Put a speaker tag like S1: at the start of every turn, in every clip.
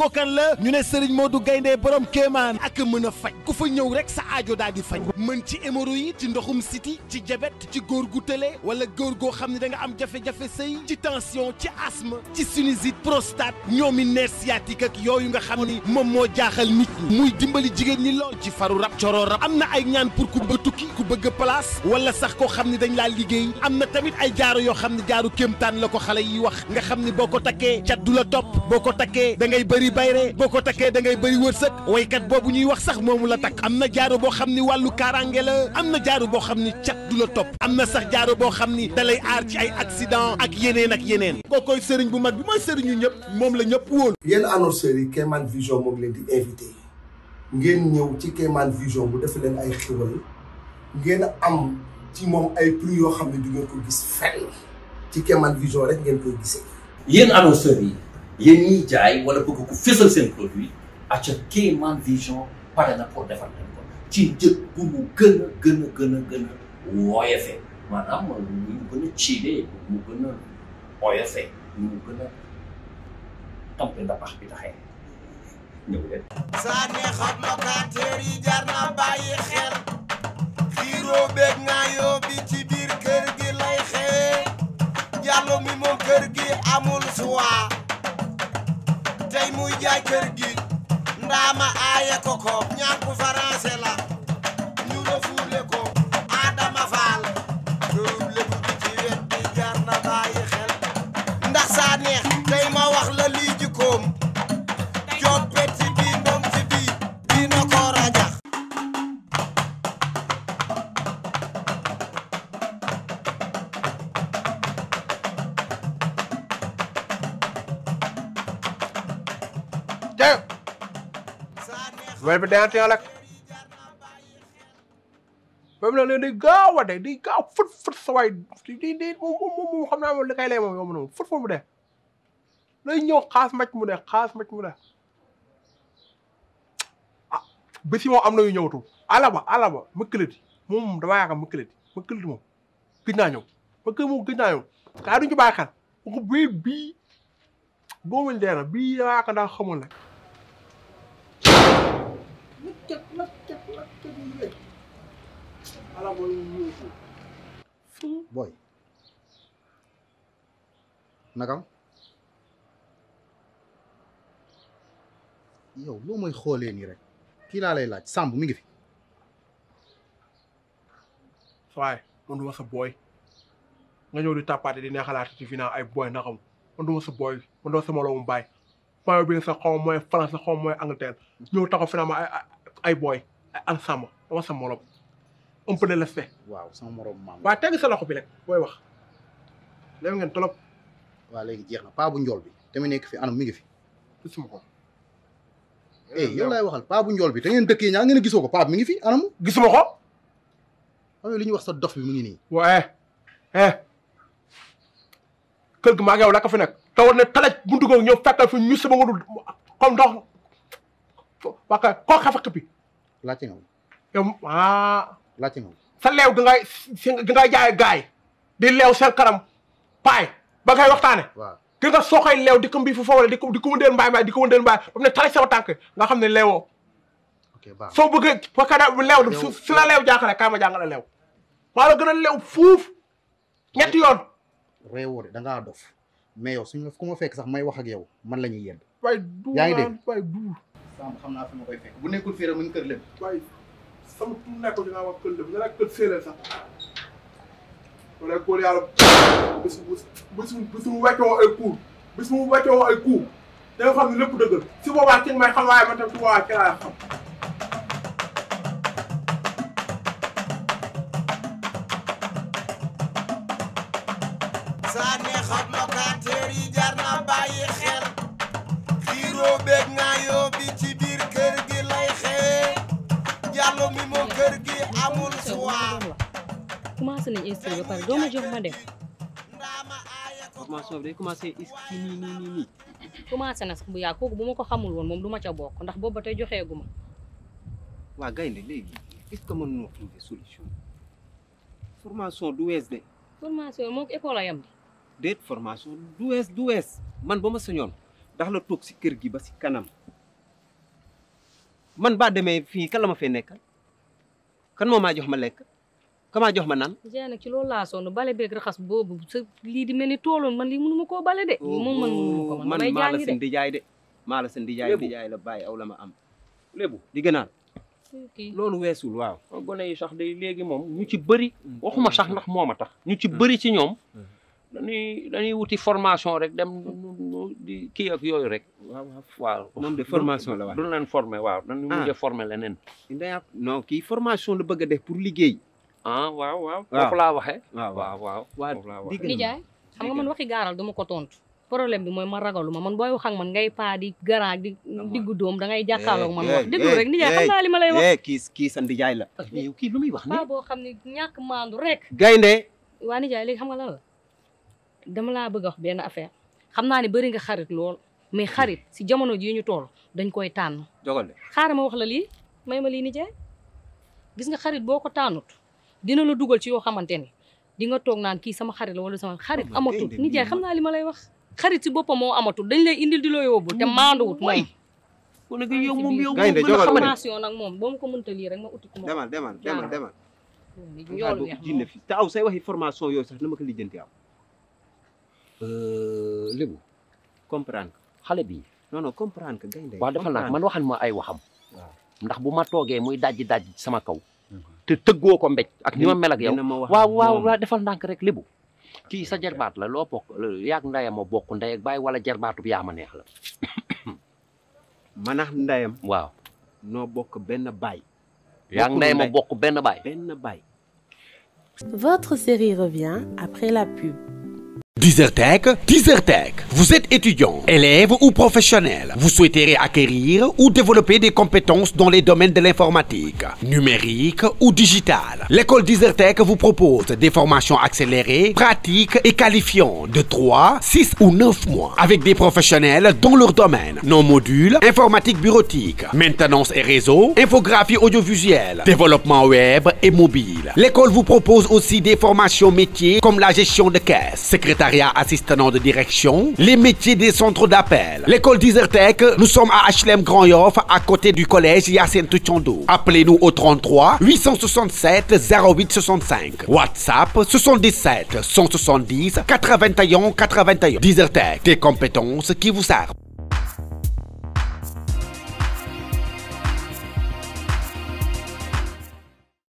S1: kookan la ñu ne moo du gayndee borom kéemaan ak mën a faj ku fa ñëw rek sa aajo daal di faj mën ci hémorroïde ci ndoxum siti ci jabet ci góor gu tële wala góor goo xam ne da nga am jafe-jafe sëy ci tension ci asthme ci sinusite prostate ñoomi nerf sciatique ak yooyu nga xam ni moom moo jaaxal nit ñi muy dimbali jigéen ñi lool ci faru rab coro rab am na ay ñaan pour ku ba tukki ku bëgg place wala sax koo xam ne dañ laa liggéey am na tamit ay jaaro yoo xam ne jaaru kéemtaan la ko xale yi wax nga xam ne boo ko takkee cat du la topp bëri bayre boo ko takkee dangay ngay bëri wërsëg waykat boobu ñuy wax sax moomu la takk am na jaaro boo xam ni wàllu kaaraange la am na jaaro boo xam ni cat du la topp am na sax jaaro boo xam ni da lay aar ci ay accident ak yeneen ak yeneen kookoy sëriñ bu mag bi mooy sëriñu ñëpp moom la ñëpp wóolu yéen annonceurs yi Kémane Vision moom leen di invité ngeen ñëw ci Kémane Vision bu def leen ay xéwal ngeen am ci moom ay prix yoo xam ne du ngeen ko gis fenn
S2: ci Kémane Vision rek ngeen koy yéen annonceurs yi yéen ñiy jaay wala bëgg ko fésal seen produit acca Kéemaan Vision pare na pour defar ci njëg bu mu gën a gën a gën a gën a wooyefe maanaam mu gën a ciidee mu gën a wooyefe mu gën a tampe ndapax bi taxee ñëw leen saa neexam yi jar na bàyyi xel xiiroo beeg bi ci biir kër gi lay xee jàllo mi moom kër gi amul suwaa tey muy jaay kër gi ndaama aaye ko ko ñaan ku faransé la
S3: bây giờ jayo weer bi daan teel đi ba mu ne leen di gaaw a de di gaaw fët fët sa không di di di moom moom moom xam naa moom li kay lay moom yomb na moom fët fët mu de lay à xaas mac mu de xaas mac mu de ah bési moom am na yu ñëwatu alaba alaba mëkkalati moom damaa yaakaar mëkkalati mëkkalati moom gëj naa ñëw mëkkalati moom gëj naa ñëw kaa duñ ci bàyyi xel ko bii bii boomuñ dee na bii damaa yaakaar daa xamoon rek lakket lakket lakket yu rëy ala nii rek kii lay laaj Samb mi ngi fi waaye man duma sa booy nga ñëw di tàppaate di neexalaat ci fi ay booy nakam man sa booy man duma sa moroomu baay maa ngi sa xaw ma mooy France xaw ñëw taxaw fi ma ay booy ay alsama dama sa morom waaw sama morom maam waaw tegg sa loxo bi rek booy wax léegi ngeen tolop waaw léegi jeex na paa njool bi tamit nekk fi anam mi ngi fi gisuma ko eh yow laay waxal paa njool bi da ngeen dëkkee ñaa ngeen a gisoo ko paa mi ngi fi gisuma ko li ñuy wax sa dox bi mu ngi nii waaye eh, eh kër gi maa ngi yow la ko fi nekk te war ne talaj buntu googu ñëw fekkal fi ñu sama ngadul comme ndox waa koo xafa këppi. laajte nga yow ah. laajte nga sa leew gi ngay gi ngay jaay gaay di leew seen kanam paay ba ngay waxtaane waaw gis nga soo koy leew di ko mbii fu fa di ko di ko wëndeel mbaay mbaay di ko wëndeel mbaay ba mu ne nga xam ne leewoo soo bëggee faka da leew la su la leew jàngale kaay ma jàngale leew maa la a leew fuuf ñetti yoon
S2: réewoo de da ngaa dof mais yow suñ ku ma fekk sax may wax ak yow man
S3: yedd sama xam naa fi ma koy fekk bu nekkul féeréer mu ngi kër lëb. waaye sama tur nekkul dinaa wax kër lëb nga nekk kër séeréer sax wala góor yàlla bés bu bés bu bés bu ay kuur bés bu wàccoo ay kuur da nga xam ne lépp dëgg si boobaa ci may xam waaye man tam ci boobaa ci laa xam.
S2: bangun sewa
S4: kuma su ne isi ga fara
S2: kuma so dai kuma sai iski
S4: ni ni ni ni kuma sana ya ko gumo ko xamul won mom duma ca bok ndax boba tay joxe guma
S2: wa gaynde legi est ce que no trouver solution formation du de
S4: formation mok école yam
S2: de det formation du wess man bama sañon ndax la tok ci kër gi ba ci kanam man ba demé fi kan lama nekkal kan moo maa jox ma lekk ka maa jox ma naan.
S4: jaay na ci loolu laa sonn bale beeg raxas boobu lii di mel ni tooloon man lii mënu ma koo bale de. moom man mënu ma maa la seen
S2: di jaay de. maa la seen di jaay la bàyyi aw la ma am. lébu di gënaan. loolu weesul waaw. Oh, gone yi sax day léegi moom ñu ci bëri mm. waxuma sax ndax moo ma tax. ñu ci mm. bari ci ñoom. Mm. dañuy dañuy wuti formation rek dem di ki ak yoy rek waaw moom de formation la wax duñ len former waaw dañu mujjee ah. formé leneen ndaya non ki formation la bëgg def pour liggéey ah waaw waaw ah. foofu la ah, waxee waaw waaw waaw di nijaay
S4: xam nga man waxi garal duma ko tontu problème bi moy ma ragalu man boy wax ak man ngay pa di garan di diggu dom da ngay jàkkaarloog man wax déglu rek ni nijaay xam naa li ma lay wax
S2: kii ki sa nijaay la mais yow kii lu muy wax ni ba
S4: bo xamni ñak mandu rek gaynde wa ni nijaay legi xam nga lan la dama la bëgg wax ben affaire xamna ni bëri nga xarit lool mais xarit si jamono ji ñu toll dañ koy tànn. jogale xaaral ma wax la li mayma li ni jaay gis nga xarit boko tanut dina la duggal ci yo xamanteni di nga tok naan ki sama xarit la wala sama xarit amatu ni jaay xamna li malay wax. xarit si bopam mo amatu dañ lay indil di lo yobul te wut moy kon nag yow mom yow mom mën a formation nag moom boo ma ko mënta lii rek ma uti ko. demal demal demal demal. ñol neex
S2: ma te aw say waxi formation yooyu sax na ma ko lijjanti am Euh, lébu comprendre xale bi non non comprendre que gaynde defal naa man waxal ma ay waxam ndax bu ma toogee muy dajji dajji sama kaw te tëggoo ko mbéj ak ni ma mel ak yow waaw waaw defal ndànk rek lébu ah, kii sa jarbaat la loo bokk yaag ndaya a bokku ndey baay bàyyi wala jarbaatu bi yaa ma neex la manax ndayam waaw noo bokk benn baay yaag ndayam a bokk benn
S5: baay benn baay
S2: votre série revient après la pub
S5: Dizertec, Dizertec. Vous êtes étudiant, élève ou professionnel. Vous souhaiterez acquérir ou développer des compétences dans les domaines de l'informatique, numérique ou digital. L'école Dizertec vous propose des formations accélérées, pratiques et qualifiantes de 3, 6 ou 9 mois avec des professionnels dans leur domaine. Nos modules informatique bureautique, maintenance et réseau, infographie audiovisuelle, développement web et mobile. L'école vous propose aussi des formations métiers comme la gestion de caisse, secrétaire assistant de direction, les métiers des centres d'appel. L'école Tech, nous sommes à HLM Grand Yoff, à côté du collège Yacine Tchondo. Appelez-nous au 33 867 08 WhatsApp 77 170 81 81. Desertec, des compétences qui vous servent.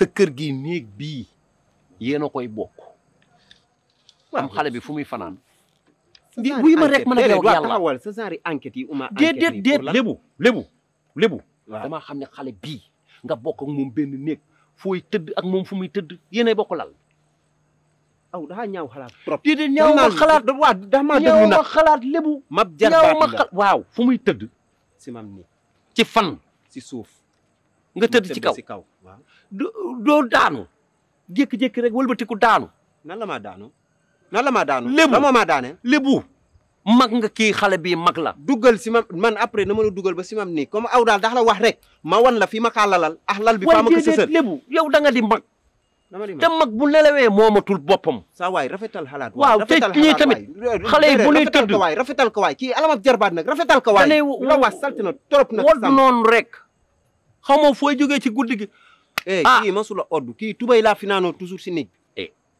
S2: Ce kër gi néeg bii a koy waaw xale bi fu muy fanaan. di wuy ma rek mën a yow yàlla taxawal sa genre enquête yi uma enquête déet xam ne xale bii nga bokk ak moom benn néeg fooy tëdd ak moom fu muy tëdd yéenay bokk lal aw dafa ñaaw xalaat trop di di ñaaw ma xalaat waaw dafa maa ma mab jar ñaaw waaw fu muy tëdd si mam ni ci fan si suuf nga tëdd ci kaw kaw doo daanu jékki-jékki rek wëlbatiku daanu nan la maa daanu nan la ma daanu lébu dama ma daane lébu mag nga kii xale bii mag la dugal si man après na ma la dugal ba si mam nii comme aw daal dax la wax rek ma wan la fi ma kaa lalal ah bi faa ko sësal lébu yow da nga di mag te mag bu lelewee moomatul boppam saa waay rafetal xalaat waaw te ñii xale bu ñuy tëdd rafetal ko ki kii alamab jarbaat nag rafetal ko waay la wax salti na trop nag wad noonu rek xamoo fooy jógee ci guddi eh ah. kii masula oddu kii tubay laa fi naanoo toujours si néeg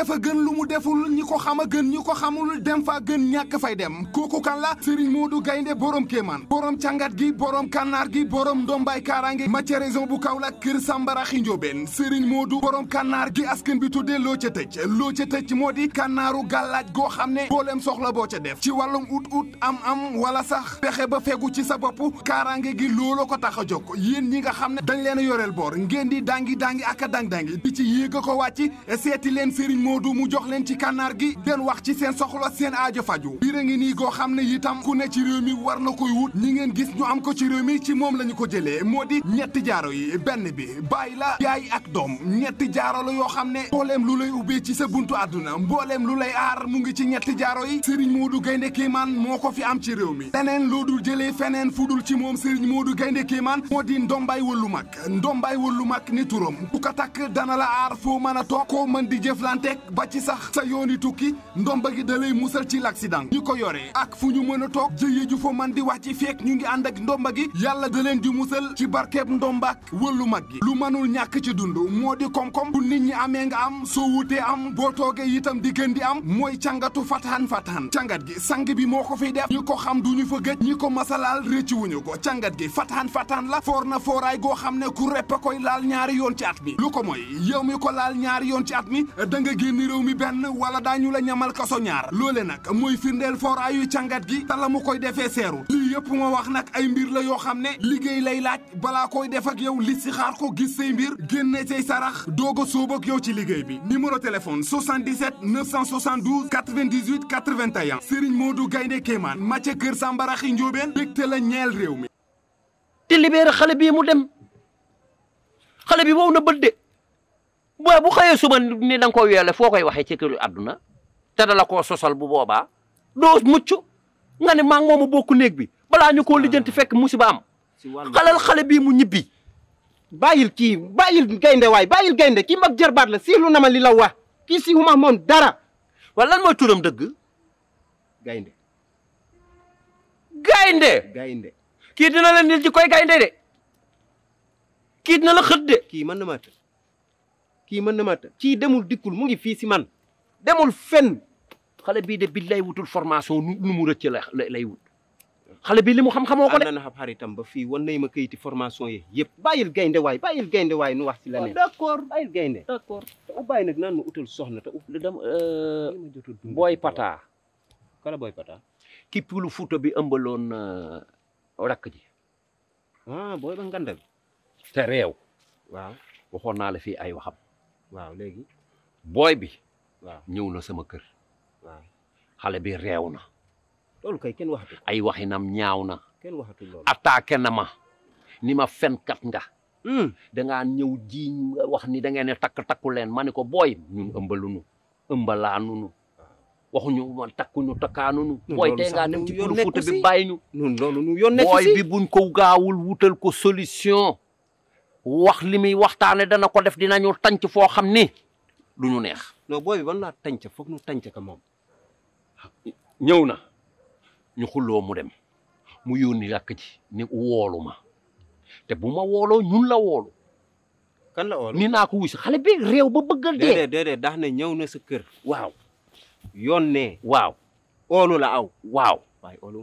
S1: def a gën lu mu deful ñi ko xam a gën ñi ko xamul dem fa gën ñàkk fay dem kooku kan la Serigne Modou Gaynde borom Kéemaan borom càngat gi borom kànnaar gi borom ndombaay kaaraange maca raison bu kaw Kaolack kër Sambara xinjoobeen Serigne Modou borom kànnaar gi askan bi tuddee loo ca tëj loo ca tëj moo di kànnaaru gàllaaj goo xam ne booleem soxla boo ca def ci wàllum ut ut am am wala sax pexe ba fegu ci sa bopp kaaraange gi looloo ko tax a jóg yéen ñi nga xam ne dañ leen a yoreel boor ngeen di dangi dangi a dang dangi di ci Modou mu leen ci kànnaar gi den wax ci seen soxla seen aajo faju biir a ngi nii goo xam ne itam ku ne ci réew mi war na koy wut ñi ngeen gis ñu am ko ci réew mi ci moom la ñu ko jëlee moo di ñetti jaaro yi benn bi bàyyi la yaay ak doom ñetti jaaro la yoo xam ne mbooleem lu lay ubbee ci sa buntu àdduna mbooleem lu lay aar mu ngi ci ñetti jaaro yi Serigne Modou Gaynde Kéemaan moo ko fi am ci réew mi leneen loo dul jëlee feneen fudul ci moom Serigne Modou Gaynde Kéemaan moo di ndombaay wëllu mag ndombaay wëllu mag ni turam ku ko takk dana la aar foo mën a toog koo mën di jëflante teg ba ci sax sa yooni tukki ndomba gi da lay musal ci l'accident ñi ko yore ak fu ñu mën a toog jëye ju fa man di wax ci feek ñu ngi ànd ak ndomba gi yàlla da di musal ci barkeb barkeeb ndombaak wëllu mag gi lu manul ñàkk ci dund moo di koom-koom bu nit ñi amee nga am soo wutee am boo toogee itam di gën di am mooy càngatu fataan fataan càngat gi sang bi moo ko fi def ñi ko xam duñu ñu fa gëj ñi ko masalaal rëcc wuñu ko càngat gi fataan fataan la foor na fooraay goo xam ne ku repp koy laal ñaari yoon ci at mi ko mooy ci at mi génn réew mi benn wala daañu la ñamal kaso ñaar loole nag mooy firndeel fooraayu càngat gi te la mu koy defee seerul lii yëpp ma wax nag ay mbir la yoo xam ne liggéey lay laaj balaa koy def ak yow li si xaar ko gis say mbir génne say sarax doog a sóob ak yow ci liggéey bi numéro téléphone 77 972 98 81 Serigne Modou Gaynde Kéemaan Mathieu Kër Sambaraxi Njóobeen
S2: bégte la ñeel réew mi di libéré xale bi mu dem xale bi wow na bët de waaw bu xëyee suba ni da nga ko weele foo koy waxee ci këru àdduna te dala koo sosal bu boobaa doo mucc nga ne maa ngi moomu bokku néeg bi balaa ñu koo ah. lijjanti fekk musiba am xalal xale bii mu ñibbi bàyyil kii bàyyil gaynde waay bàyyil gaynde kii mag jërbaat la siilu na ma li kii si huma moom dara turam dëgg gaynde gaynde gaynde kii dina la nil ci gaynde de kii dina la xët de mën na kii mën na ma tënk kii demul dikkul mu ngi fii si man demul fenn xale bii de bi lay wutul formation nu mu la lay wut xale bi li mu xam-xamoo ko de. am na xam xaritam ba fii wan nay ma kayiti formation yi yëpp. bàyyil gaynde bàyyil gaynde waay nu wax si la ne. Oh, d'accord bàyyil nag naan ma utal soxna te ut dama. Euh, booy pata. kala booy bi ëmbaloon euh, rakk ji. ah booy la fii ay waxam. waaw léegi. booy bi. waaw ñëw na sama kër. waaw xale bi réew na. loolu kay kenn waxatu ay waxinam ñaaw na. kenn waxatu loolu attaqué na ma. ni ma fenkat nga. Hmm. da ngaa ñëw jiiñ wax ni da ngeen ne takk takku leen ma ne ko booy ñun ëmbalunu ëmbalaanunu waxuñu man takkuñu takkaanunu. booy tey ngaa dem ci kuréel fuuta bi bàyyi ñu. loolu nu yoon nekk si booy bi buñ ko gaawul wutal ko solution. wax li muy waxtaane dana ko def dinañu tànc foo xam ni du ñu neex. non booy bi ban laa tànc foog ñu tànc ka moom. ñëw na ñu xulloo mu dem mu yónni rakk ji ni woolu ma te bu ma wooloo ñun la woolu. kan la ni naa ko wusi xale bi réew ba bëggal dee. déedéet déedéet ne ñëw na sa kër. waaw yoon ne. waaw oolu la aw. waaw waaye oolu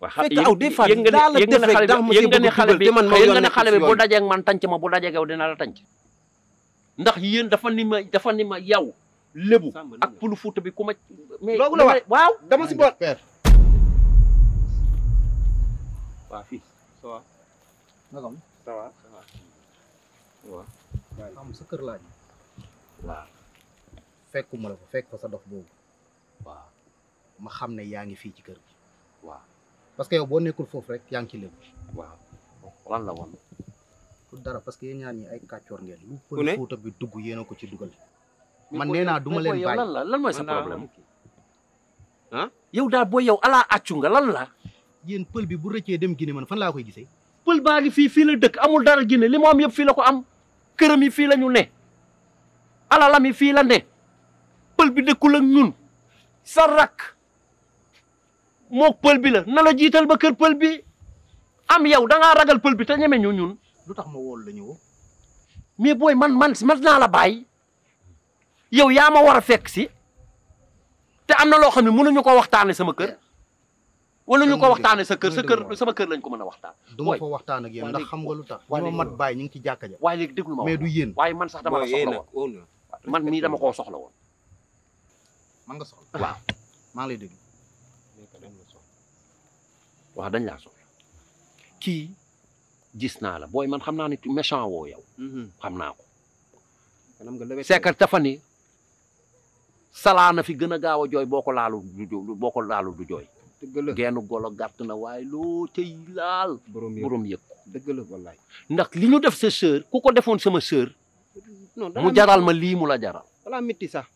S2: waa fekk aw des fois daal la def rek dax ma ci bëgg ne xale bi bu dajee ak man tànc ma bu dajee ak yow dina la tànc ndax yéen dafa ni ma dafa ni ak yow lébu ak pulu fuuta bi ku ma mais waaw dama si bool père sa kër laaj waaw sa dox boobu waaw ma xam ne yaa ngi fii ci kër bi parce que yow boo nekkul foofu rek yaa ngi ci léegi. parce que yéen ñi ay kàccoor ngeen. lu pël Fuuta bi dugg yéen ko ci dugal. man nee naa du ma leen bàyyi lan la lan mooy sa problème. ah yow daal booy yow ala accu nga lan la. yéen pël bi bu rëccee dem Guinée man fan laa koy gisee. pël baa ngi fii fii la dëkk amul dara Guinée li mu am yëpp fii la ko am këram yi fii la ñu ne alalam yi fii la ne pël bi dëkkul ak ñun sa mook peul bi la na la jital ba keur peul bi am yow da nga ragal peul bi te ñame ñu ñun. lutax ma wol lañu ñu woo. mais booy man man si mat naa la bay yow ya ma wara a fekk si te am na loo xam ne mënuñu ko waxtaane sama keur wala ñu ko waxtaane sa keur sa keur sama keur lañ ko mëna waxtane waxtaan. du ma fa waxtaan ak yeen ndax xam nga lutax tax. mat bay ñing ci jàkka ja. way léegi déglu ma mais du yeen way man sax dama soxla woon man mii dama ko soxla won man nga soxla waaw ma lay déglu wax dañ laa soxla kii gis naa la booy man xam naa ne méchant woo yaw mhm. xam naa ko. seekar dafa ni salaana fi gën a gaaw a jooy boo ko laalul du boo jooy. dëgg la genn golo gàtt na waaye loo cay laal. borom yëg ko dëgg ndax li ñu def sa sœur ku ko defoon sama sœur. mu jaral ma lii mu la jaral. wala sax.